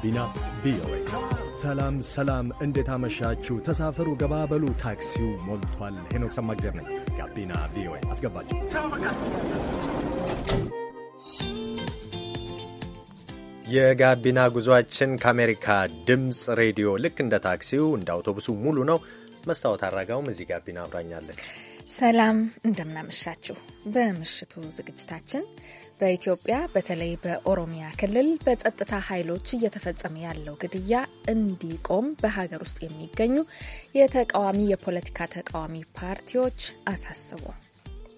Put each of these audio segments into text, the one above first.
ጋቢና ቪኦኤ። ሰላም ሰላም፣ እንዴት አመሻችሁ? ተሳፈሩ፣ ገባበሉ፣ ታክሲው ሞልቷል። ሄኖክ ሰማግዜር ነኝ። ጋቢና ቪኦኤ አስገባችሁ። የጋቢና ጉዟችን ከአሜሪካ ድምፅ ሬዲዮ ልክ እንደ ታክሲው እንደ አውቶቡሱ ሙሉ ነው። መስታወት አድራጋውም እዚህ ጋቢና አብራኛለች። ሰላም እንደምናመሻችሁ። በምሽቱ ዝግጅታችን በኢትዮጵያ በተለይ በኦሮሚያ ክልል በጸጥታ ኃይሎች እየተፈጸመ ያለው ግድያ እንዲቆም በሀገር ውስጥ የሚገኙ የተቃዋሚ የፖለቲካ ተቃዋሚ ፓርቲዎች አሳስቡ።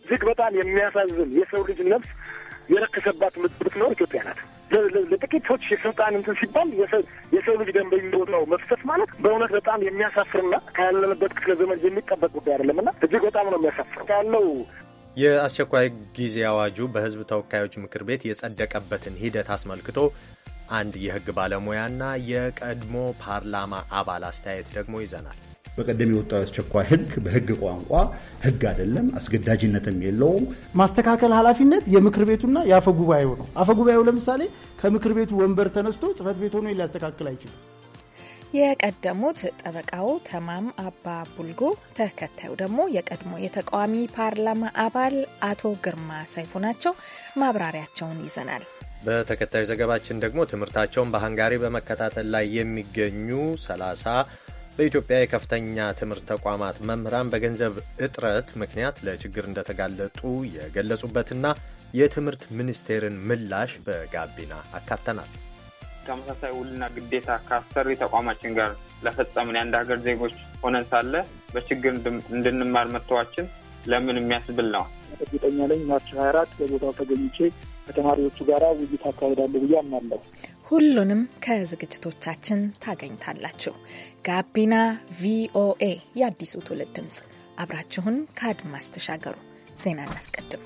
እጅግ በጣም የሚያሳዝን የሰው ልጅ ነፍስ የረከሰባት ምድር ነው ኢትዮጵያ ናት። ለጥቂቶች የስልጣን እንትን ሲባል የሰው ልጅ ደም በሚወጣው መፍሰስ ማለት በእውነት በጣም የሚያሳፍርና ከያለንበት ክፍለ ዘመን የሚጠበቅ ጉዳይ አይደለም እና እጅግ በጣም ነው የሚያሳፍር ያለው። የአስቸኳይ ጊዜ አዋጁ በህዝብ ተወካዮች ምክር ቤት የጸደቀበትን ሂደት አስመልክቶ አንድ የህግ ባለሙያና የቀድሞ ፓርላማ አባል አስተያየት ደግሞ ይዘናል። በቀደም የወጣው አስቸኳይ ህግ በህግ ቋንቋ ህግ አይደለም፣ አስገዳጅነትም የለውም። ማስተካከል ኃላፊነት የምክር ቤቱና የአፈ ጉባኤው ነው። አፈ ጉባኤው ለምሳሌ ከምክር ቤቱ ወንበር ተነስቶ ጽህፈት ቤት ሆኖ ሊያስተካክል አይችልም። የቀደሙት ጠበቃው ተማም አባ ቡልጎ፣ ተከታዩ ደግሞ የቀድሞ የተቃዋሚ ፓርላማ አባል አቶ ግርማ ሰይፉ ናቸው። ማብራሪያቸውን ይዘናል። በተከታዩ ዘገባችን ደግሞ ትምህርታቸውን በሃንጋሪ በመከታተል ላይ የሚገኙ ሰላሳ በኢትዮጵያ የከፍተኛ ትምህርት ተቋማት መምህራን በገንዘብ እጥረት ምክንያት ለችግር እንደተጋለጡ የገለጹበትና የትምህርት ሚኒስቴርን ምላሽ በጋቢና አካተናል። ተመሳሳይ ውልና ግዴታ ከአሰሪ ተቋማችን ጋር ለፈጸምን የአንድ ሀገር ዜጎች ሆነን ሳለ በችግር እንድንማር መተዋችን ለምን የሚያስብል ነው። እርግጠኛ ነኝ ማርች ሀያ አራት በቦታው ተገኝቼ ከተማሪዎቹ ጋር ውይይት አካሄዳለሁ ብዬ አምናለሁ። ሁሉንም ከዝግጅቶቻችን ታገኝታላችሁ። ጋቢና ቪኦኤ የአዲሱ ትውልድ ድምፅ፣ አብራችሁን ከአድማስ ተሻገሩ። ዜና እናስቀድም።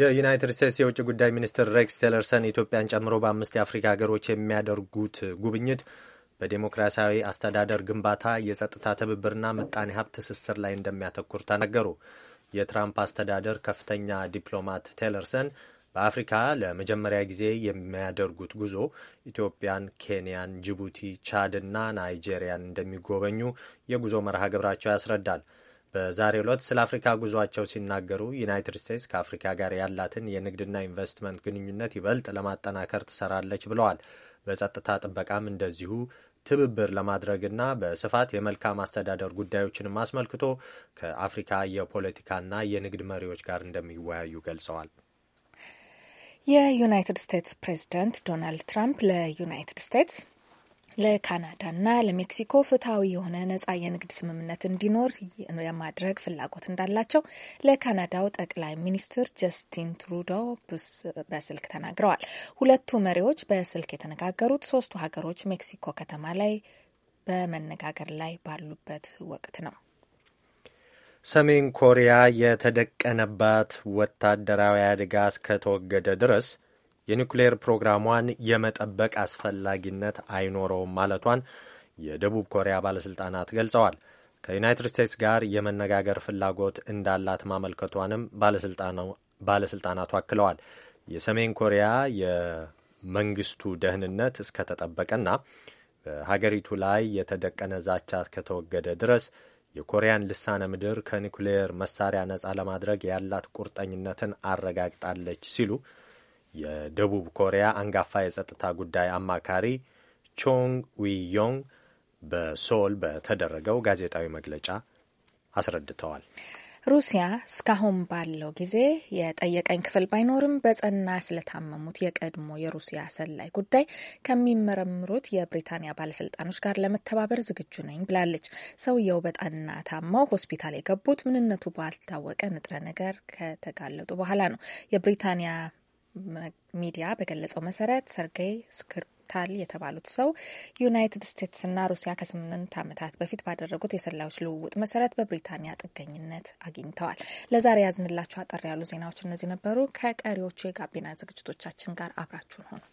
የዩናይትድ ስቴትስ የውጭ ጉዳይ ሚኒስትር ሬክስ ቴለርሰን ኢትዮጵያን ጨምሮ በአምስት የአፍሪካ ሀገሮች የሚያደርጉት ጉብኝት በዴሞክራሲያዊ አስተዳደር ግንባታ፣ የጸጥታ ትብብርና ምጣኔ ሀብት ትስስር ላይ እንደሚያተኩር ተናገሩ። የትራምፕ አስተዳደር ከፍተኛ ዲፕሎማት ቴለርሰን በአፍሪካ ለመጀመሪያ ጊዜ የሚያደርጉት ጉዞ ኢትዮጵያን፣ ኬንያን፣ ጅቡቲ፣ ቻድና ናይጄሪያን እንደሚጎበኙ የጉዞ መርሃ ግብራቸው ያስረዳል። በዛሬ ዕለት ስለ አፍሪካ ጉዟቸው ሲናገሩ ዩናይትድ ስቴትስ ከአፍሪካ ጋር ያላትን የንግድና ኢንቨስትመንት ግንኙነት ይበልጥ ለማጠናከር ትሰራለች ብለዋል። በጸጥታ ጥበቃም እንደዚሁ ትብብር ለማድረግና በስፋት የመልካም አስተዳደር ጉዳዮችንም አስመልክቶ ከአፍሪካ የፖለቲካና የንግድ መሪዎች ጋር እንደሚወያዩ ገልጸዋል። የዩናይትድ ስቴትስ ፕሬዚደንት ዶናልድ ትራምፕ ለዩናይትድ ስቴትስ ለካናዳና ለሜክሲኮ ፍትሐዊ የሆነ ነጻ የንግድ ስምምነት እንዲኖር የማድረግ ፍላጎት እንዳላቸው ለካናዳው ጠቅላይ ሚኒስትር ጀስቲን ትሩዶ በስልክ ተናግረዋል። ሁለቱ መሪዎች በስልክ የተነጋገሩት ሶስቱ ሀገሮች ሜክሲኮ ከተማ ላይ በመነጋገር ላይ ባሉበት ወቅት ነው። ሰሜን ኮሪያ የተደቀነባት ወታደራዊ አደጋ እስከተወገደ ድረስ የኒውክሌር ፕሮግራሟን የመጠበቅ አስፈላጊነት አይኖረውም ማለቷን የደቡብ ኮሪያ ባለሥልጣናት ገልጸዋል። ከዩናይትድ ስቴትስ ጋር የመነጋገር ፍላጎት እንዳላት ማመልከቷንም ባለሥልጣናቱ አክለዋል። የሰሜን ኮሪያ የመንግስቱ ደህንነት እስከተጠበቀና በሀገሪቱ ላይ የተደቀነ ዛቻ እስከተወገደ ድረስ የኮሪያን ልሳነ ምድር ከኒውክሌር መሳሪያ ነጻ ለማድረግ ያላት ቁርጠኝነትን አረጋግጣለች ሲሉ የደቡብ ኮሪያ አንጋፋ የጸጥታ ጉዳይ አማካሪ ቾንግ ዊዮንግ በሶል በተደረገው ጋዜጣዊ መግለጫ አስረድተዋል። ሩሲያ እስካሁን ባለው ጊዜ የጠየቀኝ ክፍል ባይኖርም በጸና ስለታመሙት የቀድሞ የሩሲያ ሰላይ ጉዳይ ከሚመረምሩት የብሪታንያ ባለስልጣኖች ጋር ለመተባበር ዝግጁ ነኝ ብላለች። ሰውየው በጠና ታመው ሆስፒታል የገቡት ምንነቱ ባልታወቀ ንጥረ ነገር ከተጋለጡ በኋላ ነው። የብሪታንያ ሚዲያ በገለጸው መሰረት ሰርጌይ ስክሪፓል የተባሉት ሰው ዩናይትድ ስቴትስና ሩሲያ ከስምንት ዓመታት በፊት ባደረጉት የሰላዮች ልውውጥ መሰረት በብሪታንያ ጥገኝነት አግኝተዋል። ለዛሬ ያዝንላችሁ አጠር ያሉ ዜናዎች እነዚህ ነበሩ። ከቀሪዎቹ የጋቢና ዝግጅቶቻችን ጋር አብራችሁን ሆኑ።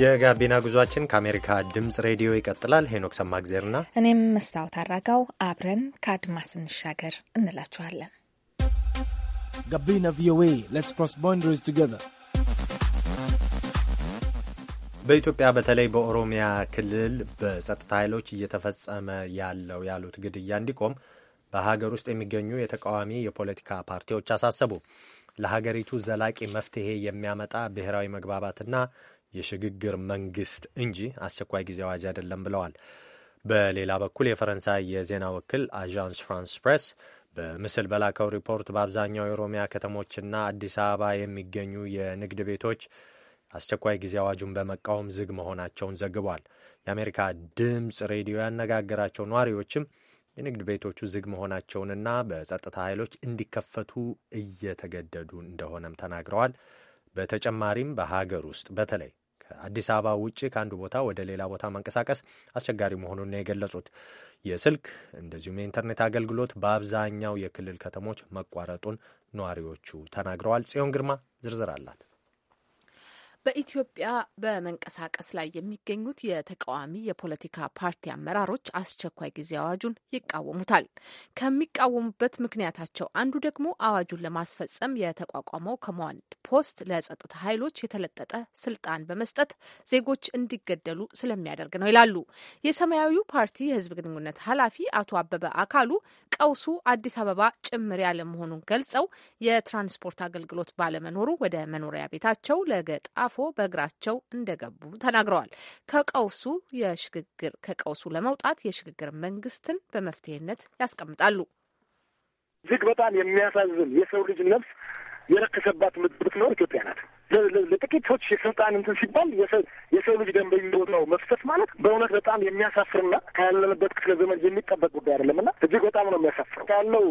የጋቢና ጉዟችን ከአሜሪካ ድምጽ ሬዲዮ ይቀጥላል። ሄኖክ ሰማግዜርና እኔም መስታወት አራጋው አብረን ከአድማስ እንሻገር እንላችኋለን። ጋቢና ቪኦኤ ሌትስ ክሮስ ቦንደሪስ ቱጌዘር በኢትዮጵያ በተለይ በኦሮሚያ ክልል በጸጥታ ኃይሎች እየተፈጸመ ያለው ያሉት ግድያ እንዲቆም በሀገር ውስጥ የሚገኙ የተቃዋሚ የፖለቲካ ፓርቲዎች አሳሰቡ። ለሀገሪቱ ዘላቂ መፍትሄ የሚያመጣ ብሔራዊ መግባባትና የሽግግር መንግስት እንጂ አስቸኳይ ጊዜ አዋጅ አይደለም ብለዋል። በሌላ በኩል የፈረንሳይ የዜና ወኪል አዣንስ ፍራንስ ፕሬስ በምስል በላከው ሪፖርት በአብዛኛው የኦሮሚያ ከተሞችና አዲስ አበባ የሚገኙ የንግድ ቤቶች አስቸኳይ ጊዜ አዋጁን በመቃወም ዝግ መሆናቸውን ዘግቧል። የአሜሪካ ድምፅ ሬዲዮ ያነጋገራቸው ነዋሪዎችም የንግድ ቤቶቹ ዝግ መሆናቸውንና በጸጥታ ኃይሎች እንዲከፈቱ እየተገደዱ እንደሆነም ተናግረዋል። በተጨማሪም በሀገር ውስጥ በተለይ አዲስ አበባ ውጭ ከአንዱ ቦታ ወደ ሌላ ቦታ መንቀሳቀስ አስቸጋሪ መሆኑን ነው የገለጹት። የስልክ እንደዚሁም የኢንተርኔት አገልግሎት በአብዛኛው የክልል ከተሞች መቋረጡን ነዋሪዎቹ ተናግረዋል። ጽዮን ግርማ ዝርዝር አላት። በኢትዮጵያ በመንቀሳቀስ ላይ የሚገኙት የተቃዋሚ የፖለቲካ ፓርቲ አመራሮች አስቸኳይ ጊዜ አዋጁን ይቃወሙታል። ከሚቃወሙበት ምክንያታቸው አንዱ ደግሞ አዋጁን ለማስፈጸም የተቋቋመው ኮማንድ ፖስት ለጸጥታ ኃይሎች የተለጠጠ ስልጣን በመስጠት ዜጎች እንዲገደሉ ስለሚያደርግ ነው ይላሉ። የሰማያዊው ፓርቲ የህዝብ ግንኙነት ኃላፊ አቶ አበበ አካሉ ቀውሱ አዲስ አበባ ጭምር ያለ መሆኑን ገልጸው የትራንስፖርት አገልግሎት ባለመኖሩ ወደ መኖሪያ ቤታቸው ለገጣፎ በእግራቸው እንደገቡ ተናግረዋል። ከቀውሱ የሽግግር ከቀውሱ ለመውጣት የሽግግር መንግስትን በመፍትሄነት ያስቀምጣሉ። እጅግ በጣም የሚያሳዝን የሰው ልጅ ነፍስ የረከሰባት ምድር ብትኖር ኢትዮጵያ ናት። ለጥቂቶች የስልጣን እንትን ሲባል የሰው ልጅ ደም ነው መፍሰስ ማለት በእውነት በጣም የሚያሳፍርና ከያለንበት ክፍለ ዘመን የሚጠበቅ ጉዳይ አይደለም እና እጅግ በጣም ነው የሚያሳፍረው ያለው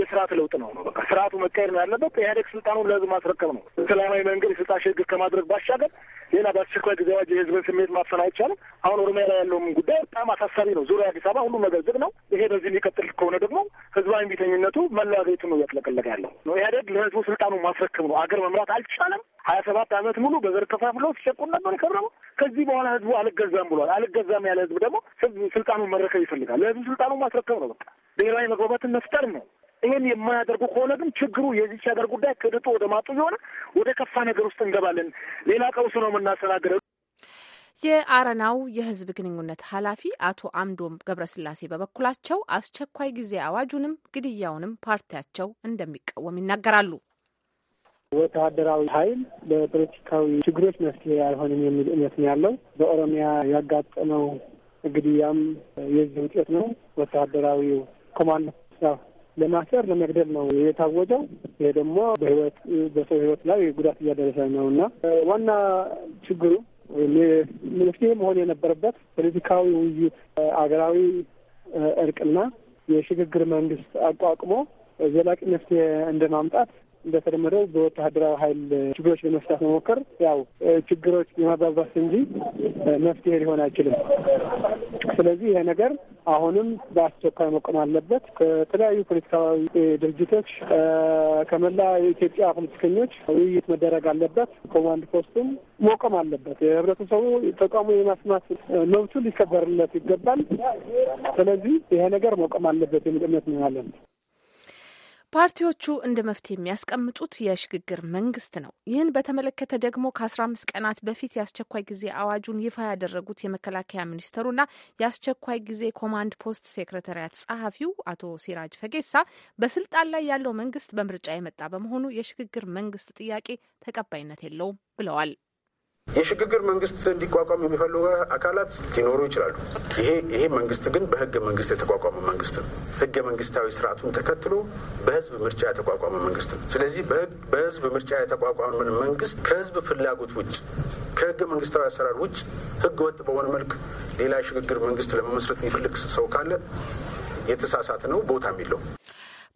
የስርዓት ለውጥ ነው ነው በቃ ስርዓቱ መካሄድ ነው ያለበት። ኢህአዴግ ስልጣኑን ለህዝብ ማስረከብ ነው። ሰላማዊ መንገድ የስልጣን ሽግግር ከማድረግ ባሻገር ሌላ በአስቸኳይ ጊዜ አዋጅ የህዝብን ስሜት ማፈን አይቻልም። አሁን ኦሮሚያ ላይ ያለውም ጉዳይ በጣም አሳሳቢ ነው። ዙሪያ አዲስ አበባ ሁሉም ነገር ዝግ ነው። ይሄ በዚህ የሚቀጥል ከሆነ ደግሞ ህዝባዊ ቢተኝነቱ መላው ሀገሪቱን ነው እያጥለቀለቀ ያለው ነው። ኢህአዴግ ለህዝቡ ስልጣኑ ማስረከብ ነው። አገር መምራት አልቻለም። ሀያ ሰባት ዓመት ሙሉ በዘር ከፋፍሎ ሲጨቁን ነበር የከረሙ። ከዚህ በኋላ ህዝቡ አልገዛም ብሏል። አልገዛም ያለ ህዝብ ደግሞ ስልጣኑን መረከብ ይፈልጋል። ለህዝቡ ስልጣኑን ማስረከብ ነው። በቃ ብሔራዊ መግባባትን መፍጠር ነው። ይሄን የማያደርጉ ከሆነ ግን ችግሩ የዚች ሀገር ጉዳይ ከድጡ ወደ ማጡ የሆነ ወደ ከፋ ነገር ውስጥ እንገባለን። ሌላ ቀውስ ነው የምናስተናግደው። የአረናው የህዝብ ግንኙነት ኃላፊ አቶ አምዶም ገብረስላሴ በበኩላቸው አስቸኳይ ጊዜ አዋጁንም ግድያውንም ፓርቲያቸው እንደሚቃወም ይናገራሉ። ወታደራዊ ኃይል ለፖለቲካዊ ችግሮች መፍትሄ አይሆንም የሚል እምነት ነው ያለው። በኦሮሚያ ያጋጠመው ግድያም የዚህ ውጤት ነው። ወታደራዊው ኮማንዶ ለማሰር ለመግደል ነው የታወጀው። ይሄ ደግሞ በህይወት በሰው ህይወት ላይ ጉዳት እያደረሰ ነው እና ዋና ችግሩ መፍትሄ መሆን የነበረበት ፖለቲካዊ ውይይት፣ አገራዊ እርቅና የሽግግር መንግስት አቋቁሞ ዘላቂ መፍትሄ እንደማምጣት እንደተለመደው በወታደራዊ ኃይል ችግሮች ለመፍታት መሞከር ያው ችግሮች የማባባስ እንጂ መፍትሄ ሊሆን አይችልም። ስለዚህ ይሄ ነገር አሁንም በአስቸኳይ መቆም አለበት። ከተለያዩ ፖለቲካዊ ድርጅቶች ከመላ የኢትዮጵያ ፖለቲከኞች ውይይት መደረግ አለበት። ኮማንድ ፖስቱም መቆም አለበት። የህብረተሰቡ ተቃውሞ የማስማት መብቱ ሊከበርለት ይገባል። ስለዚህ ይሄ ነገር መቆም አለበት የሚል እምነት ነው ያለን። ፓርቲዎቹ እንደ መፍትሄ የሚያስቀምጡት የሽግግር መንግስት ነው። ይህን በተመለከተ ደግሞ ከ15 ቀናት በፊት የአስቸኳይ ጊዜ አዋጁን ይፋ ያደረጉት የመከላከያ ሚኒስትሩና የአስቸኳይ ጊዜ ኮማንድ ፖስት ሴክረታሪያት ጸሐፊው አቶ ሲራጅ ፈጌሳ በስልጣን ላይ ያለው መንግስት በምርጫ የመጣ በመሆኑ የሽግግር መንግስት ጥያቄ ተቀባይነት የለውም ብለዋል። የሽግግር መንግስት እንዲቋቋም የሚፈልጉ አካላት ሊኖሩ ይችላሉ። ይሄ ይሄ መንግስት ግን በህገ መንግስት የተቋቋመ መንግስት ነው። ህገ መንግስታዊ ስርዓቱን ተከትሎ በህዝብ ምርጫ የተቋቋመ መንግስት ነው። ስለዚህ በህዝብ ምርጫ የተቋቋመን መንግስት ከህዝብ ፍላጎት ውጭ ከህገ መንግስታዊ አሰራር ውጭ ህገ ወጥ በሆነ መልክ ሌላ የሽግግር መንግስት ለመመስረት የሚፈልግ ሰው ካለ የተሳሳተ ነው ቦታ የሚለው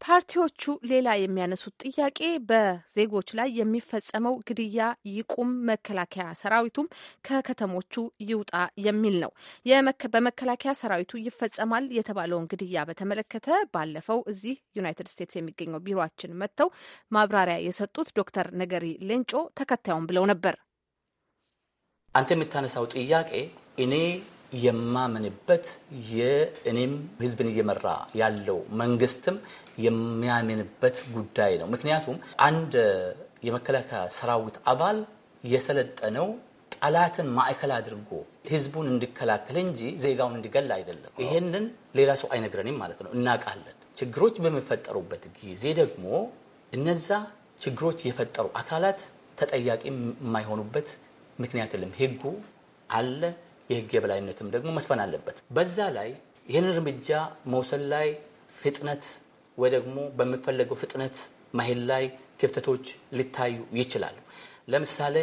ፓርቲዎቹ ሌላ የሚያነሱት ጥያቄ በዜጎች ላይ የሚፈጸመው ግድያ ይቁም፣ መከላከያ ሰራዊቱም ከከተሞቹ ይውጣ የሚል ነው። በመከላከያ ሰራዊቱ ይፈጸማል የተባለውን ግድያ በተመለከተ ባለፈው እዚህ ዩናይትድ ስቴትስ የሚገኘው ቢሮችን መጥተው ማብራሪያ የሰጡት ዶክተር ነገሪ ሌንጮ ተከታዩን ብለው ነበር። አንተ የምታነሳው ጥያቄ እኔ የማምንበት የእኔም ህዝብን እየመራ ያለው መንግስትም የሚያምንበት ጉዳይ ነው። ምክንያቱም አንድ የመከላከያ ሰራዊት አባል የሰለጠነው ጠላትን ማዕከል አድርጎ ህዝቡን እንዲከላከል እንጂ ዜጋውን እንዲገል አይደለም። ይሄንን ሌላ ሰው አይነግረንም ማለት ነው። እናውቃለን። ችግሮች በሚፈጠሩበት ጊዜ ደግሞ እነዛ ችግሮች የፈጠሩ አካላት ተጠያቂ የማይሆኑበት ምክንያት የለም። ህጉ አለ። የህግ የበላይነትም ደግሞ መስፈን አለበት። በዛ ላይ ይህን እርምጃ መውሰድ ላይ ፍጥነት ወይ ደግሞ በሚፈለገው ፍጥነት መሄድ ላይ ክፍተቶች ሊታዩ ይችላሉ። ለምሳሌ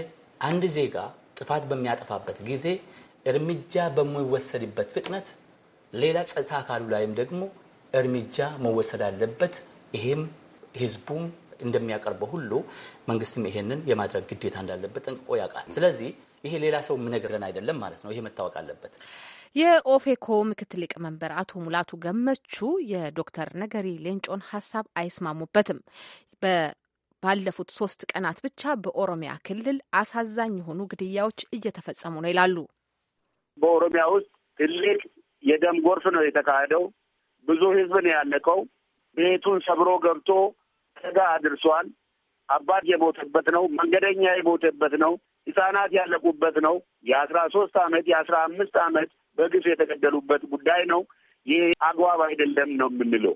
አንድ ዜጋ ጥፋት በሚያጠፋበት ጊዜ እርምጃ በሚወሰድበት ፍጥነት ሌላ ጸጥታ አካሉ ላይም ደግሞ እርምጃ መወሰድ አለበት። ይሄም ህዝቡም እንደሚያቀርበው ሁሉ መንግስትም ይሄንን የማድረግ ግዴታ እንዳለበት ጠንቅቆ ያውቃል። ስለዚህ ይሄ ሌላ ሰው የሚነግረን አይደለም ማለት ነው። ይሄ መታወቅ አለበት። የኦፌኮ ምክትል ሊቀመንበር አቶ ሙላቱ ገመቹ የዶክተር ነገሪ ሌንጮን ሀሳብ አይስማሙበትም። ባለፉት ሶስት ቀናት ብቻ በኦሮሚያ ክልል አሳዛኝ የሆኑ ግድያዎች እየተፈጸሙ ነው ይላሉ። በኦሮሚያ ውስጥ ትልቅ የደም ጎርፍ ነው የተካሄደው። ብዙ ህዝብ ነው ያለቀው። ቤቱን ሰብሮ ገብቶ አደጋ አድርሷል። አባት የሞተበት ነው። መንገደኛ የሞተበት ነው። ሕጻናት ያለቁበት ነው። የአስራ ሶስት አመት የአስራ አምስት አመት በግፍ የተገደሉበት ጉዳይ ነው። ይህ አግባብ አይደለም ነው የምንለው።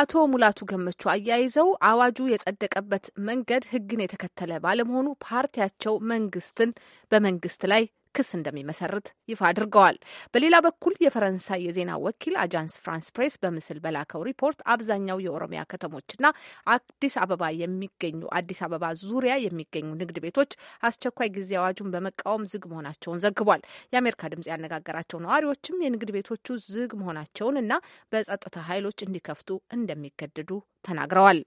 አቶ ሙላቱ ገመቹ አያይዘው አዋጁ የጸደቀበት መንገድ ሕግን የተከተለ ባለመሆኑ ፓርቲያቸው መንግስትን በመንግስት ላይ ክስ እንደሚመሰርት ይፋ አድርገዋል። በሌላ በኩል የፈረንሳይ የዜና ወኪል አጃንስ ፍራንስ ፕሬስ በምስል በላከው ሪፖርት አብዛኛው የኦሮሚያ ከተሞችና አዲስ አበባ የሚገኙ አዲስ አበባ ዙሪያ የሚገኙ ንግድ ቤቶች አስቸኳይ ጊዜ አዋጁን በመቃወም ዝግ መሆናቸውን ዘግቧል። የአሜሪካ ድምጽ ያነጋገራቸው ነዋሪዎችም የንግድ ቤቶቹ ዝግ መሆናቸውን እና በጸጥታ ኃይሎች እንዲከፍቱ እንደሚገደዱ ተናግረዋል።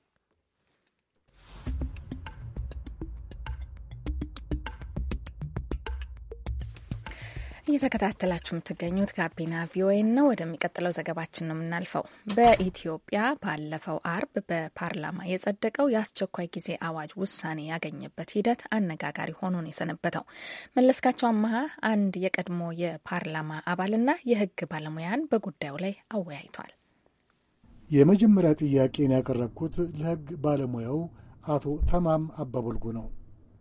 እየተከታተላችሁ የምትገኙት ጋቢና ቪኦኤን ነው። ወደሚቀጥለው ዘገባችን ነው የምናልፈው። በኢትዮጵያ ባለፈው አርብ በፓርላማ የጸደቀው የአስቸኳይ ጊዜ አዋጅ ውሳኔ ያገኘበት ሂደት አነጋጋሪ ሆኖ ነው የሰነበተው። መለስካቸው አመሃ አንድ የቀድሞ የፓርላማ አባልና የሕግ ባለሙያን በጉዳዩ ላይ አወያይቷል። የመጀመሪያ ጥያቄን ያቀረብኩት ለሕግ ባለሙያው አቶ ተማም አባቦልጉ ነው።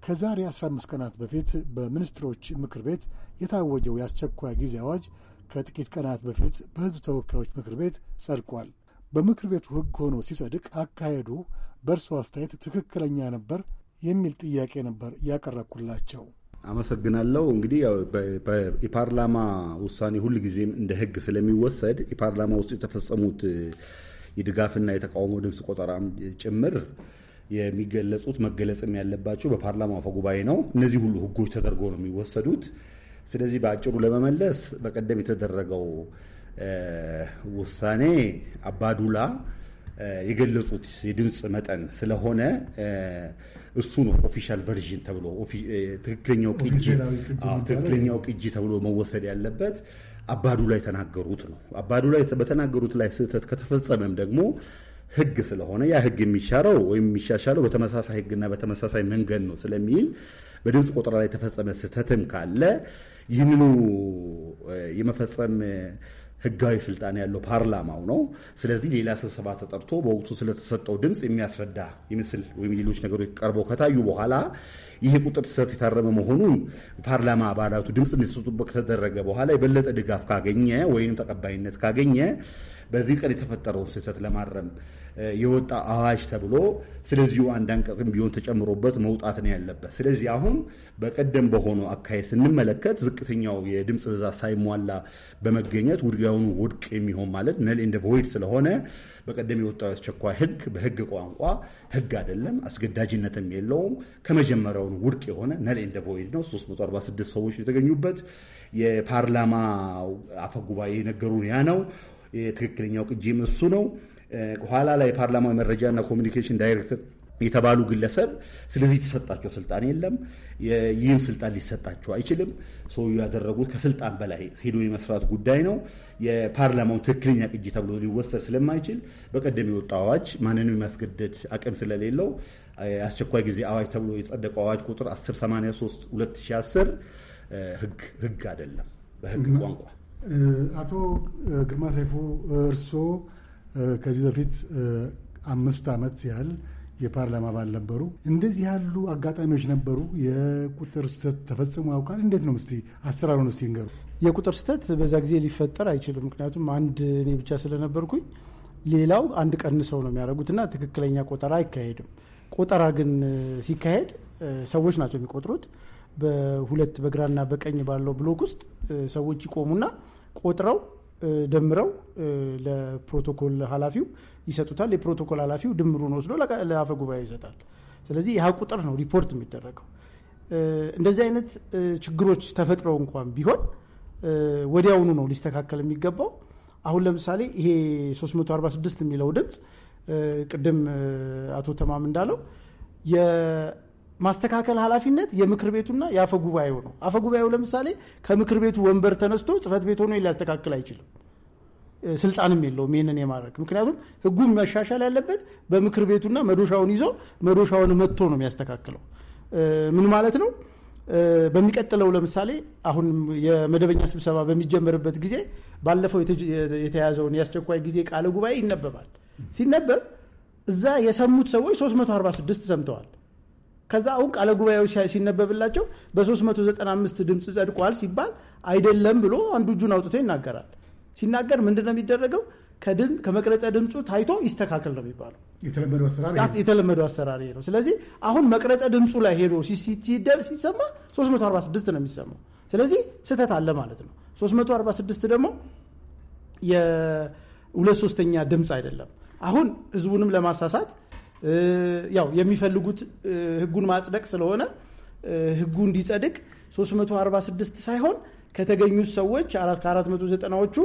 ከዛሬ 15 ቀናት በፊት በሚኒስትሮች ምክር ቤት የታወጀው የአስቸኳይ ጊዜ አዋጅ ከጥቂት ቀናት በፊት በሕዝብ ተወካዮች ምክር ቤት ጸድቋል። በምክር ቤቱ ሕግ ሆኖ ሲጸድቅ አካሄዱ በእርሶ አስተያየት ትክክለኛ ነበር የሚል ጥያቄ ነበር ያቀረብኩላቸው። አመሰግናለሁ። እንግዲህ የፓርላማ ውሳኔ ሁል ጊዜም እንደ ሕግ ስለሚወሰድ የፓርላማ ውስጥ የተፈጸሙት የድጋፍና የተቃውሞ ድምፅ ቆጠራም ጭምር የሚገለጹት መገለጽም ያለባቸው በፓርላማ አፈ ጉባኤ ነው። እነዚህ ሁሉ ህጎች ተደርገው ነው የሚወሰዱት። ስለዚህ በአጭሩ ለመመለስ በቀደም የተደረገው ውሳኔ አባዱላ የገለጹት የድምፅ መጠን ስለሆነ እሱ ነው ኦፊሻል ቨርዥን ተብሎ ትክክለኛው ቅጂ ትክክለኛው ቅጂ ተብሎ መወሰድ ያለበት አባዱላ የተናገሩት ነው። አባዱላ በተናገሩት ላይ ስህተት ከተፈጸመም ደግሞ ህግ ስለሆነ ያ ህግ የሚሻረው ወይም የሚሻሻለው በተመሳሳይ ህግና በተመሳሳይ መንገድ ነው ስለሚል በድምፅ ቆጠራ ላይ የተፈጸመ ስህተትም ካለ ይህንኑ የመፈጸም ህጋዊ ስልጣን ያለው ፓርላማው ነው። ስለዚህ ሌላ ስብሰባ ተጠርቶ በወቅቱ ስለተሰጠው ድምፅ የሚያስረዳ ይምስል ወይም ሌሎች ነገሮች ቀርበው ከታዩ በኋላ ይህ ቁጥር ስህተት የታረመ መሆኑን ፓርላማ አባላቱ ድምፅ እንዲሰጡበት ከተደረገ በኋላ የበለጠ ድጋፍ ካገኘ ወይም ተቀባይነት ካገኘ በዚህ ቀን የተፈጠረውን ስህተት ለማረም የወጣ አዋጅ ተብሎ ስለዚሁ አንድ አንቀጽም ቢሆን ተጨምሮበት መውጣት ነው ያለበት። ስለዚህ አሁን በቀደም በሆነው አካሄድ ስንመለከት ዝቅተኛው የድምፅ ብዛት ሳይሟላ በመገኘት ውድጋውኑ ውድቅ የሚሆን ማለት ነል ኢንደ ቮይድ ስለሆነ በቀደም የወጣው አስቸኳይ ህግ በህግ ቋንቋ ህግ አይደለም፣ አስገዳጅነትም የለውም። ከመጀመሪያውን ውድቅ የሆነ ነል ኢንደ ቮይድ ነው። 346 ሰዎች የተገኙበት የፓርላማ አፈጉባኤ የነገሩን ያ ነው። ትክክለኛው ቅጂም እሱ ነው። ኋላ ላይ የፓርላማዊ መረጃና ኮሚኒኬሽን ዳይሬክተር የተባሉ ግለሰብ ስለዚህ የተሰጣቸው ስልጣን የለም። ይህም ስልጣን ሊሰጣቸው አይችልም። ሰውየው ያደረጉት ከስልጣን በላይ ሄዶ የመስራት ጉዳይ ነው። የፓርላማውን ትክክለኛ ቅጂ ተብሎ ሊወሰድ ስለማይችል በቀደም የወጣው አዋጅ ማንንም የማስገደድ አቅም ስለሌለው አስቸኳይ ጊዜ አዋጅ ተብሎ የጸደቀው አዋጅ ቁጥር 1083 2010 ህግ አይደለም በህግ ቋንቋ አቶ ግርማ ሰይፉ እርስዎ ከዚህ በፊት አምስት ዓመት ያህል የፓርላማ አባል ነበሩ። እንደዚህ ያሉ አጋጣሚዎች ነበሩ? የቁጥር ስህተት ተፈጽሞ ያውቃል? እንዴት ነው? እስቲ አሰራሩን እስቲ ንገሩ። የቁጥር ስህተት በዛ ጊዜ ሊፈጠር አይችልም። ምክንያቱም አንድ እኔ ብቻ ስለነበርኩኝ ሌላው አንድ ቀን ሰው ነው የሚያደርጉትና ትክክለኛ ቆጠራ አይካሄድም። ቆጠራ ግን ሲካሄድ ሰዎች ናቸው የሚቆጥሩት። በሁለት በግራና በቀኝ ባለው ብሎክ ውስጥ ሰዎች ይቆሙና ቆጥረው ደምረው ለፕሮቶኮል ኃላፊው ይሰጡታል። የፕሮቶኮል ኃላፊው ድምሩን ወስዶ ለአፈ ጉባኤው ይሰጣል። ስለዚህ ያ ቁጥር ነው ሪፖርት የሚደረገው። እንደዚህ አይነት ችግሮች ተፈጥረው እንኳን ቢሆን ወዲያውኑ ነው ሊስተካከል የሚገባው። አሁን ለምሳሌ ይሄ 346 የሚለው ድምፅ ቅድም አቶ ተማም እንዳለው ማስተካከል ኃላፊነት የምክር ቤቱና የአፈ ጉባኤው ነው። አፈ ጉባኤው ለምሳሌ ከምክር ቤቱ ወንበር ተነስቶ ጽህፈት ቤት ሆኖ ሊያስተካክል አይችልም። ስልጣንም የለውም ይህንን የማድረግ ምክንያቱም ህጉ መሻሻል ያለበት በምክር ቤቱና መዶሻውን ይዞ መዶሻውን መጥቶ ነው የሚያስተካክለው። ምን ማለት ነው? በሚቀጥለው ለምሳሌ አሁን የመደበኛ ስብሰባ በሚጀመርበት ጊዜ ባለፈው የተያዘውን የአስቸኳይ ጊዜ ቃለ ጉባኤ ይነበባል። ሲነበብ እዛ የሰሙት ሰዎች 346 ሰምተዋል። ከዛ አሁን ቃለ ጉባኤው ሲነበብላቸው በ395 ድምፅ ጸድቋል ሲባል አይደለም ብሎ አንዱ እጁን አውጥቶ ይናገራል። ሲናገር ምንድን ነው የሚደረገው? ከመቅረጸ ድምፁ ታይቶ ይስተካከል ነው የሚባለው። የተለመደው አሰራር ነው። ስለዚህ አሁን መቅረጸ ድምፁ ላይ ሄዶ ሲሰማ 346 ነው የሚሰማው። ስለዚህ ስህተት አለ ማለት ነው። 346 ደግሞ የሁለት ሶስተኛ ድምፅ አይደለም። አሁን ህዝቡንም ለማሳሳት ያው የሚፈልጉት ህጉን ማጽደቅ ስለሆነ ህጉ እንዲጸድቅ 346 ሳይሆን ከተገኙት ሰዎች ከ490ዎቹ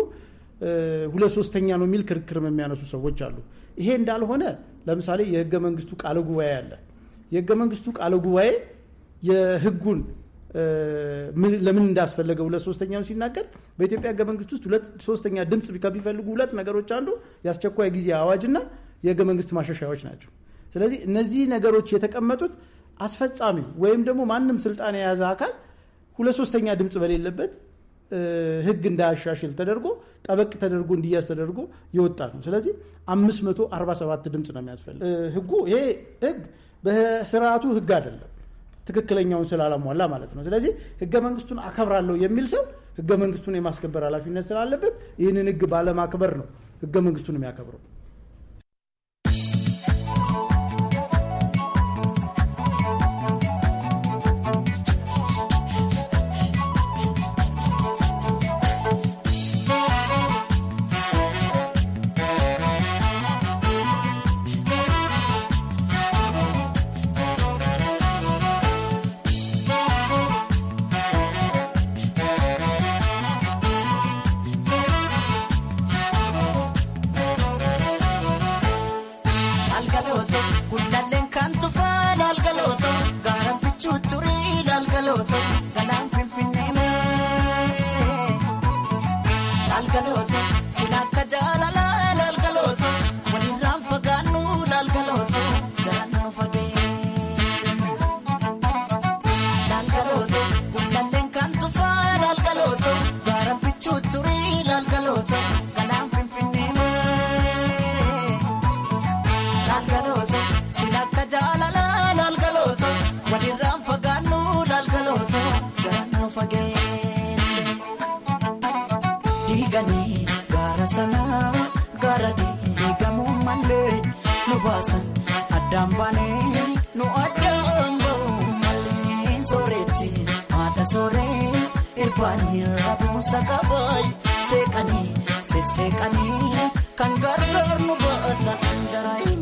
ሁለት ሶስተኛ ነው የሚል ክርክርም የሚያነሱ ሰዎች አሉ። ይሄ እንዳልሆነ ለምሳሌ የህገ መንግስቱ ቃለ ጉባኤ አለ። የህገ መንግስቱ ቃለ ጉባኤ የህጉን ለምን እንዳስፈለገ ሁለት ሶስተኛውን ሲናገር በኢትዮጵያ ህገ መንግስት ውስጥ ሁለት ሶስተኛ ድምፅ ከሚፈልጉ ሁለት ነገሮች አንዱ የአስቸኳይ ጊዜ አዋጅና የህገ መንግስት ማሻሻያዎች ናቸው። ስለዚህ እነዚህ ነገሮች የተቀመጡት አስፈጻሚ ወይም ደግሞ ማንም ስልጣን የያዘ አካል ሁለት ሶስተኛ ድምፅ በሌለበት ህግ እንዳያሻሽል ተደርጎ ጠበቅ ተደርጎ እንዲያዝ ተደርጎ የወጣ ነው። ስለዚህ 547 ድምፅ ነው የሚያስፈልግ ህጉ። ይሄ ህግ በስርዓቱ ህግ አይደለም፣ ትክክለኛውን ስላላሟላ ማለት ነው። ስለዚህ ህገ መንግስቱን አከብራለሁ የሚል ሰው ህገ መንግስቱን የማስከበር ኃላፊነት ስላለበት ይህንን ህግ ባለማክበር ነው ህገ መንግስቱን የሚያከብረው። baasan addaan nu addaan ba'u malee sooretti haadha sooree irbaanii rabuusa kabaay seeqanii seeseeqanii kan gargaarnu baatan jaraayin.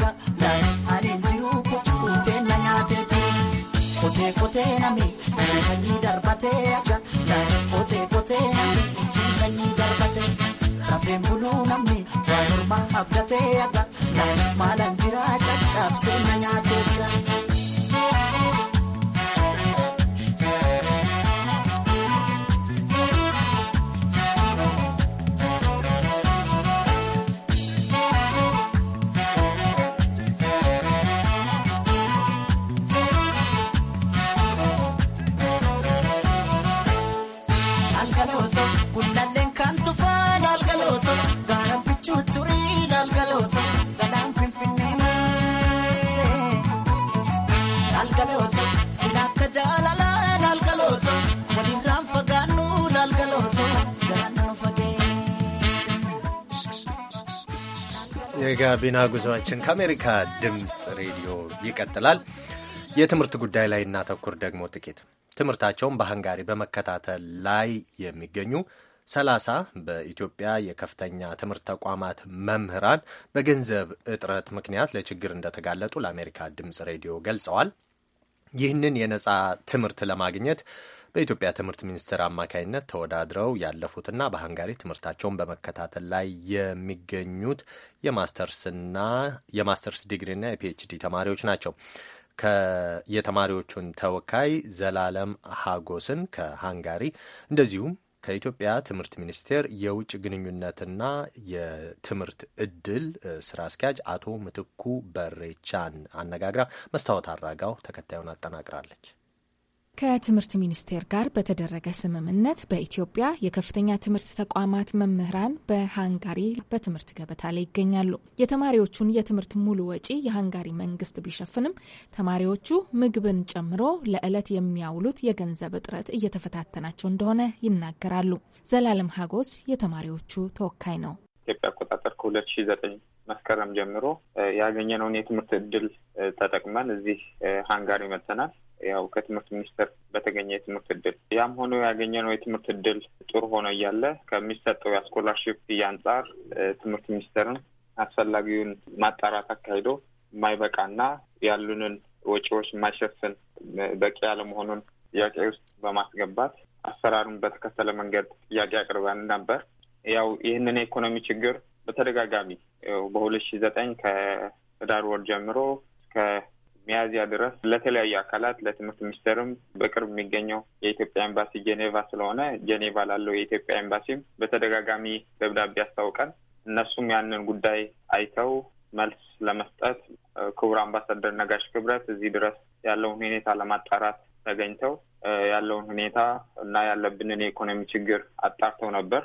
kotee kotee nami ciisanii darbatee akka nami kotee kotee nami ciisanii darbatee rafeen buluu nami waan mormaa abdatee akka nami maalaan jira caccaabsee na nyaatee jira. የጋቢና ጉዞአችን ከአሜሪካ ድምፅ ሬዲዮ ይቀጥላል። የትምህርት ጉዳይ ላይ እናተኩር ደግሞ ጥቂት። ትምህርታቸውን በሃንጋሪ በመከታተል ላይ የሚገኙ ሰላሳ በኢትዮጵያ የከፍተኛ ትምህርት ተቋማት መምህራን በገንዘብ እጥረት ምክንያት ለችግር እንደተጋለጡ ለአሜሪካ ድምፅ ሬዲዮ ገልጸዋል። ይህንን የነጻ ትምህርት ለማግኘት በኢትዮጵያ ትምህርት ሚኒስቴር አማካይነት ተወዳድረው ያለፉትና በሀንጋሪ ትምህርታቸውን በመከታተል ላይ የሚገኙት የማስተርስና የማስተርስ ዲግሪና የፒኤችዲ ተማሪዎች ናቸው። የተማሪዎቹን ተወካይ ዘላለም ሀጎስን ከሃንጋሪ እንደዚሁም ከኢትዮጵያ ትምህርት ሚኒስቴር የውጭ ግንኙነትና የትምህርት እድል ስራ አስኪያጅ አቶ ምትኩ በሬቻን አነጋግራ መስታወት አራጋው ተከታዩን አጠናቅራለች። ከትምህርት ሚኒስቴር ጋር በተደረገ ስምምነት በኢትዮጵያ የከፍተኛ ትምህርት ተቋማት መምህራን በሃንጋሪ በትምህርት ገበታ ላይ ይገኛሉ። የተማሪዎቹን የትምህርት ሙሉ ወጪ የሃንጋሪ መንግስት ቢሸፍንም ተማሪዎቹ ምግብን ጨምሮ ለዕለት የሚያውሉት የገንዘብ እጥረት እየተፈታተናቸው እንደሆነ ይናገራሉ። ዘላለም ሀጎስ የተማሪዎቹ ተወካይ ነው። ኢትዮጵያ አቆጣጠር ከሁለት ሺ ዘጠኝ መስከረም ጀምሮ ያገኘነውን የትምህርት እድል ተጠቅመን እዚህ ሃንጋሪ መጥተናል። ያው ከትምህርት ሚኒስቴር በተገኘ የትምህርት እድል ያም ሆኖ ያገኘነው የትምህርት እድል ጥሩ ሆኖ እያለ ከሚሰጠው የስኮላርሽፕ አንጻር ትምህርት ሚኒስቴርን አስፈላጊውን ማጣራት አካሂዶ የማይበቃና ያሉንን ወጪዎች የማይሸፍን በቂ ያለመሆኑን ጥያቄ ውስጥ በማስገባት አሰራሩን በተከተለ መንገድ ጥያቄ አቅርበን ነበር። ያው ይህንን የኢኮኖሚ ችግር በተደጋጋሚ በሁለት ሺ ዘጠኝ ከህዳር ወር ጀምሮ እስከ ሚያዝያ ድረስ ለተለያዩ አካላት ለትምህርት ሚኒስቴርም በቅርብ የሚገኘው የኢትዮጵያ ኤምባሲ ጄኔቫ ስለሆነ ጄኔቫ ላለው የኢትዮጵያ ኤምባሲም በተደጋጋሚ ደብዳቤ ያስታውቃል። እነሱም ያንን ጉዳይ አይተው መልስ ለመስጠት ክቡር አምባሳደር ነጋሽ ክብረት እዚህ ድረስ ያለውን ሁኔታ ለማጣራት ተገኝተው ያለውን ሁኔታ እና ያለብንን የኢኮኖሚ ችግር አጣርተው ነበር።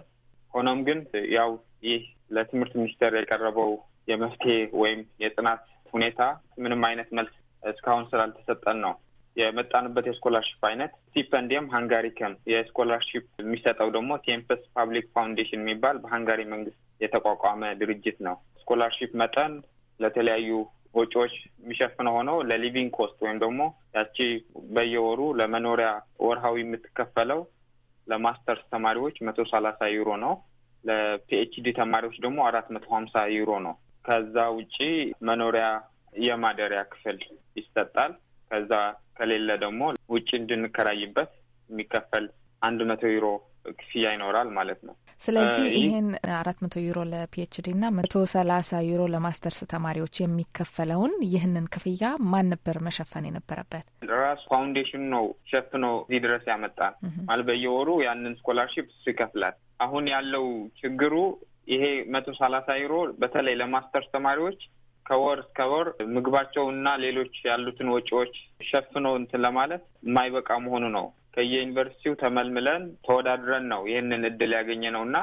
ሆኖም ግን ያው ይህ ለትምህርት ሚኒስቴር የቀረበው የመፍትሄ ወይም የጥናት ሁኔታ ምንም አይነት መልስ እስካሁን ስላልተሰጠን ነው የመጣንበት የስኮላርሽፕ አይነት ስቲፐንዲየም ሃንጋሪከም የስኮላርሽፕ የሚሰጠው ደግሞ ቴምፐስ ፓብሊክ ፋውንዴሽን የሚባል በሀንጋሪ መንግስት የተቋቋመ ድርጅት ነው። ስኮላርሽፕ መጠን ለተለያዩ ወጪዎች የሚሸፍን ሆኖ ለሊቪንግ ኮስት ወይም ደግሞ ያቺ በየወሩ ለመኖሪያ ወርሃዊ የምትከፈለው ለማስተርስ ተማሪዎች መቶ ሰላሳ ዩሮ ነው። ለፒኤችዲ ተማሪዎች ደግሞ አራት መቶ ሀምሳ ዩሮ ነው። ከዛ ውጪ መኖሪያ የማደሪያ ክፍል ይሰጣል። ከዛ ከሌለ ደግሞ ውጭ እንድንከራይበት የሚከፈል አንድ መቶ ዩሮ ክፍያ ይኖራል ማለት ነው። ስለዚህ ይህን አራት መቶ ዩሮ ለፒኤችዲ እና መቶ ሰላሳ ዩሮ ለማስተርስ ተማሪዎች የሚከፈለውን ይህንን ክፍያ ማን ነበር መሸፈን የነበረበት? ራሱ ፋውንዴሽኑ ነው ሸፍኖ እዚህ ድረስ ያመጣል ማለት በየወሩ ያንን ስኮላርሽፕ እሱ ይከፍላል። አሁን ያለው ችግሩ ይሄ መቶ ሰላሳ ዩሮ በተለይ ለማስተርስ ተማሪዎች ከወር እስከ ወር ምግባቸውና ሌሎች ያሉትን ወጪዎች ሸፍኖ እንትን ለማለት የማይበቃ መሆኑ ነው። ከየዩኒቨርሲቲው ተመልምለን ተወዳድረን ነው ይህንን እድል ያገኘ ነው እና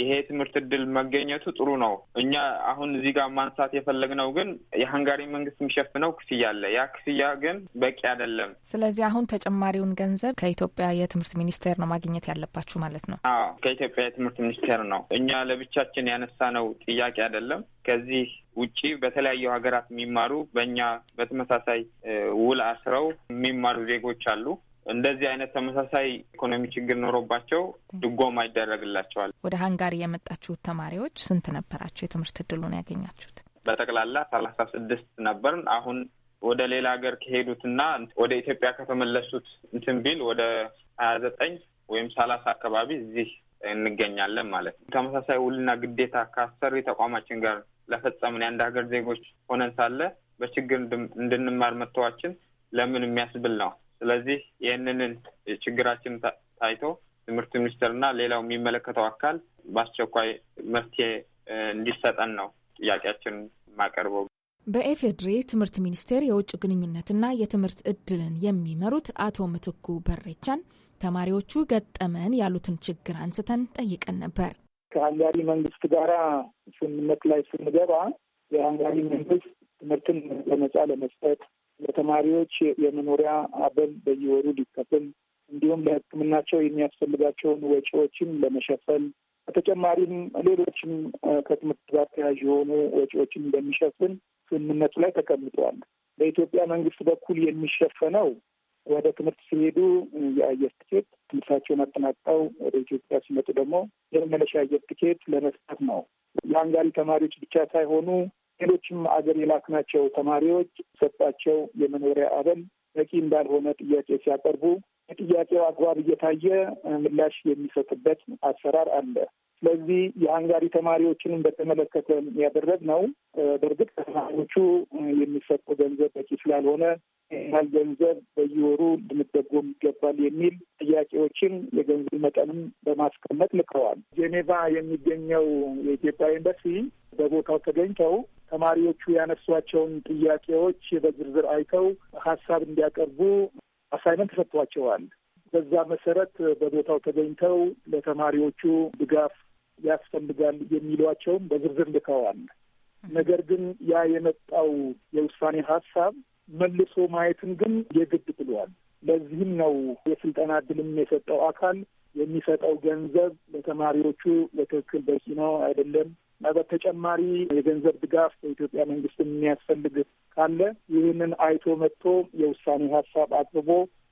ይሄ የትምህርት እድል መገኘቱ ጥሩ ነው። እኛ አሁን እዚህ ጋር ማንሳት የፈለግነው ግን የሀንጋሪ መንግስት የሚሸፍነው ክፍያ አለ። ያ ክፍያ ግን በቂ አይደለም። ስለዚህ አሁን ተጨማሪውን ገንዘብ ከኢትዮጵያ የትምህርት ሚኒስቴር ነው ማግኘት ያለባችሁ ማለት ነው? አዎ ከኢትዮጵያ የትምህርት ሚኒስቴር ነው። እኛ ለብቻችን ያነሳነው ጥያቄ አይደለም። ከዚህ ውጪ በተለያዩ ሀገራት የሚማሩ በእኛ በተመሳሳይ ውል አስረው የሚማሩ ዜጎች አሉ። እንደዚህ አይነት ተመሳሳይ ኢኮኖሚ ችግር ኖሮባቸው ድጎማ ይደረግላቸዋል። ወደ ሀንጋሪ የመጣችሁት ተማሪዎች ስንት ነበራቸው የትምህርት እድሉን ያገኛችሁት? በጠቅላላ ሰላሳ ስድስት ነበርን። አሁን ወደ ሌላ ሀገር ከሄዱትና ወደ ኢትዮጵያ ከተመለሱት እንትን ቢል ወደ ሀያ ዘጠኝ ወይም ሰላሳ አካባቢ እዚህ እንገኛለን ማለት ነው። ተመሳሳይ ውልና ግዴታ ከአሰሪ ተቋማችን ጋር ለፈጸምን የአንድ ሀገር ዜጎች ሆነን ሳለ በችግር እንድንማር መጥተዋችን ለምን የሚያስብል ነው። ስለዚህ ይህንንን ችግራችን ታይቶ ትምህርት ሚኒስቴርና ሌላው የሚመለከተው አካል በአስቸኳይ መፍትሄ እንዲሰጠን ነው ጥያቄያችን ማቀርበው። በኤፌድሬ ትምህርት ሚኒስቴር የውጭ ግንኙነትና የትምህርት እድልን የሚመሩት አቶ ምትኩ በሬቻን ተማሪዎቹ ገጠመን ያሉትን ችግር አንስተን ጠይቀን ነበር። ከሀንጋሪ መንግስት ጋር ስምምነት ላይ ስንገባ የሀንጋሪ መንግስት ትምህርትን ለነጻ ለመስጠት ለተማሪዎች የመኖሪያ አበል በየወሩ ሊከፍል እንዲሁም ለሕክምናቸው የሚያስፈልጋቸውን ወጪዎችን ለመሸፈን በተጨማሪም ሌሎችም ከትምህርት ጋር ተያዥ የሆኑ ወጪዎችን እንደሚሸፍን ስምምነቱ ላይ ተቀምጠዋል። በኢትዮጵያ መንግስት በኩል የሚሸፈነው ወደ ትምህርት ሲሄዱ የአየር ትኬት ትምህርታቸውን አጠናቅቀው ወደ ኢትዮጵያ ሲመጡ ደግሞ የመመለሻ አየር ትኬት ለመስጠት ነው። የሀንጋሪ ተማሪዎች ብቻ ሳይሆኑ ሌሎችም አገር የላክናቸው ተማሪዎች ሰጣቸው የመኖሪያ አበል በቂ እንዳልሆነ ጥያቄ ሲያቀርቡ የጥያቄው አግባብ እየታየ ምላሽ የሚሰጥበት አሰራር አለ። ስለዚህ የሀንጋሪ ተማሪዎችንም በተመለከተ ነው። በእርግጥ ከተማሪዎቹ የሚሰጡ ገንዘብ በቂ ስላልሆነ ያህል ገንዘብ በየወሩ ልንደጎም ይገባል የሚል ጥያቄዎችን የገንዘብ መጠንም በማስቀመጥ ልከዋል። ጄኔቫ የሚገኘው የኢትዮጵያ ኤምባሲ በቦታው ተገኝተው ተማሪዎቹ ያነሷቸውን ጥያቄዎች በዝርዝር አይተው ሀሳብ እንዲያቀርቡ አሳይመንት ተሰጥቷቸዋል። በዛ መሰረት በቦታው ተገኝተው ለተማሪዎቹ ድጋፍ ያስፈልጋል የሚሏቸውም በዝርዝር ልከዋል። ነገር ግን ያ የመጣው የውሳኔ ሀሳብ መልሶ ማየትን ግን የግድ ብሏል። ለዚህም ነው የስልጠና እድልም የሰጠው አካል የሚሰጠው ገንዘብ ለተማሪዎቹ በትክክል በቂ ነው አይደለም እና በተጨማሪ የገንዘብ ድጋፍ በኢትዮጵያ መንግስት የሚያስፈልግ ካለ ይህንን አይቶ መጥቶ የውሳኔ ሀሳብ አቅርቦ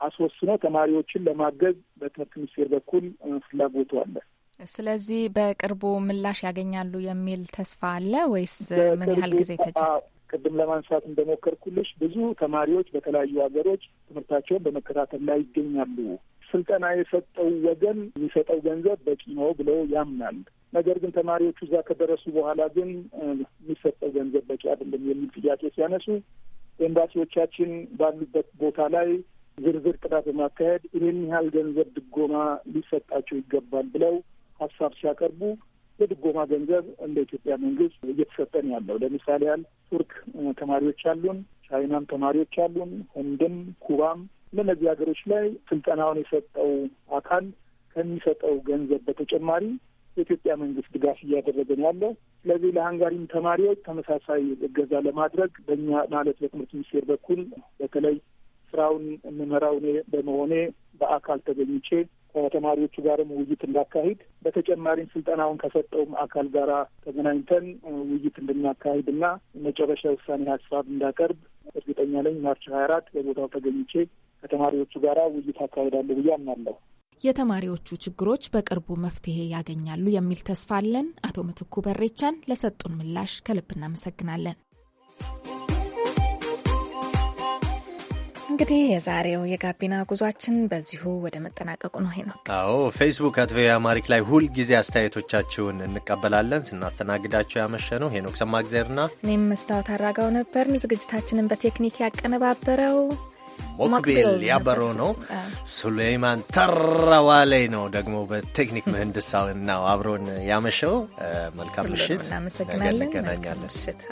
አስወስኖ ተማሪዎችን ለማገዝ በትምህርት ሚኒስቴር በኩል ፍላጎቱ አለ። ስለዚህ በቅርቡ ምላሽ ያገኛሉ የሚል ተስፋ አለ ወይስ ምን ያህል ጊዜ ተጫ ቅድም ለማንሳት እንደሞከርኩልሽ ብዙ ተማሪዎች በተለያዩ ሀገሮች ትምህርታቸውን በመከታተል ላይ ይገኛሉ። ስልጠና የሰጠው ወገን የሚሰጠው ገንዘብ በቂ ነው ብሎ ያምናል። ነገር ግን ተማሪዎቹ እዛ ከደረሱ በኋላ ግን የሚሰጠው ገንዘብ በቂ አይደለም የሚል ጥያቄ ሲያነሱ ኤምባሲዎቻችን ባሉበት ቦታ ላይ ዝርዝር ጥናት በማካሄድ ይህን ያህል ገንዘብ ድጎማ ሊሰጣቸው ይገባል ብለው ሀሳብ ሲያቀርቡ የድጎማ ገንዘብ እንደ ኢትዮጵያ መንግስት እየተሰጠን ያለው ለምሳሌ ያህል ቱርክ ተማሪዎች አሉን፣ ቻይናም ተማሪዎች አሉን፣ ህንድም፣ ኩባም እነዚህ ሀገሮች ላይ ስልጠናውን የሰጠው አካል ከሚሰጠው ገንዘብ በተጨማሪ የኢትዮጵያ መንግስት ድጋፍ እያደረገን ያለው። ስለዚህ ለሀንጋሪም ተማሪዎች ተመሳሳይ እገዛ ለማድረግ በእኛ ማለት በትምህርት ሚኒስቴር በኩል በተለይ ስራውን የምመራው እኔ በመሆኔ በአካል ተገኝቼ ከተማሪዎቹ ጋርም ውይይት እንዳካሂድ በተጨማሪም ስልጠናውን ከሰጠውም አካል ጋር ተገናኝተን ውይይት እንድናካሂድ እና መጨረሻ ውሳኔ ሀሳብ እንዳቀርብ እርግጠኛ ነኝ ማርች ሀያ አራት በቦታው ተገኝቼ ከተማሪዎቹ ጋር ውይይት አካሂዳለሁ ብዬ አምናለሁ። የተማሪዎቹ ችግሮች በቅርቡ መፍትሄ ያገኛሉ የሚል ተስፋ አለን። አቶ ምትኩ በሬቻን ለሰጡን ምላሽ ከልብ እናመሰግናለን። እንግዲህ የዛሬው የጋቢና ጉዟችን በዚሁ ወደ መጠናቀቁ ነው። ሄኖክ አዎ፣ ፌስቡክ አት ቪኦኤ አማሪክ ላይ ሁል ጊዜ አስተያየቶቻችሁን እንቀበላለን። ስናስተናግዳቸው ያመሸ ነው ሄኖክ ሰማ ሰማእግዜርና እኔም መስታወት አራጋው ነበርን። ዝግጅታችንን በቴክኒክ ያቀነባበረው ሞክቤል ያበረው ነው። ሱሌይማን ተራዋላይ ነው ደግሞ በቴክኒክ ምህንድሳው ምህንድስና አብሮን ያመሸው። መልካም ምሽት፣ እናመሰግናለን። መልካም ምሽት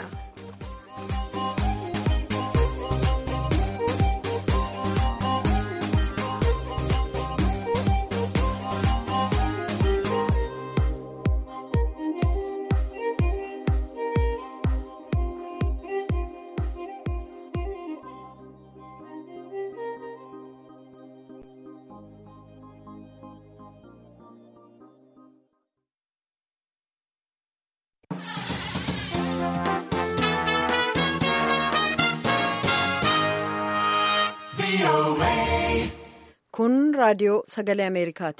ራዲዮ ሰገሌ አሜሪካ